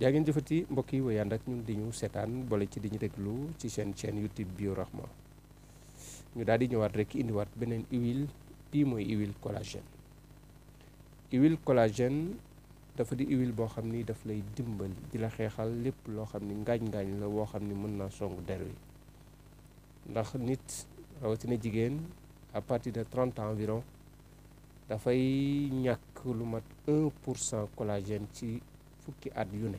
jaa ngeen jëfati mbokk yi wéy ànd ak ñun di ñu seetaan boole ci di ñu déglu ci seen chaîne YouTube Bio Rahma ñu daal di ñëwaat rek indiwaat beneen huile bii mooy huile collagène huile collagène dafa di huile boo xam ni daf lay dimbal di la xeexal lépp loo xam ni ngaañ-ngaañ la woo xam ni mën naa song der wi ndax nit rawatina jigéen à partir de trente ans environ dafay ñàkk lu mat 1 pour cent collagène ci fukki at yu ne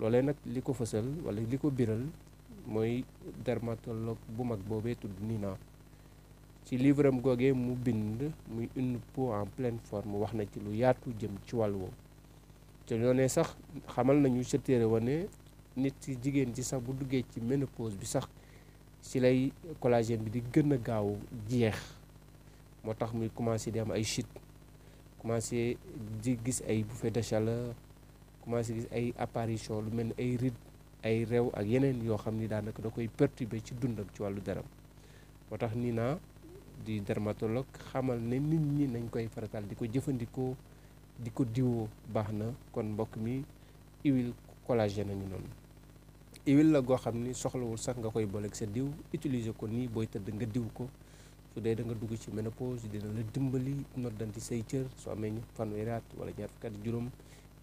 loolee nag li ko fësal wala li ko biral mooy dermatologue bu mag boobee tudd Nina ci livre googe mu bind muy une peau en pleine forme wax na ci lu yaatu jëm ci wàll woo te ñoo sax xamal nañu sa wane nit ci jigéen ci sax bu duggee ci menn ménopause bi sax ci lay collagène bi di gën gaaw jeex moo tax muy commencé dem ay chute commencé di gis ay bouffées de chaleur commencé gis ay apparition lu mel ni ay rides ay réew ak yeneen yoo xam ni daanaka da koy perturber ci dund dundam ci wàllu deram moo tax nii naa di dermatologue xamal ne nit ñi nañ koy faratal di ko jëfandikoo di ko diwoo baax na kon mbokk mi huile collagène nañu noonu huile la goo xam ni soxlawul sax nga koy booleeg sa diw utiliser ko nii booy tëdd nga diw ko su dee da nga dugg ci ménopause dina la dimbali noddanti say cër soo amee fanweeri at wala ñaar fukki juróom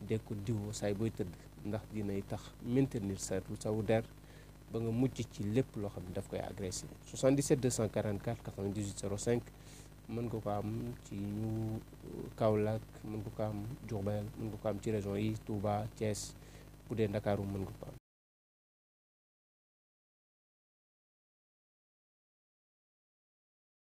de ko diwoo saay booy tëdd ndax dinay tax maintenir sa sawu der ba nga mucc ci lépp loo xam ne daf koy agressé 77 244 98 05 mën nga ko am ci ñu euh, Kaolack mën nga ko am Diourbel mën nga ko am ci région yi Touba Thiès bu dee Ndakaaru mën nga ko am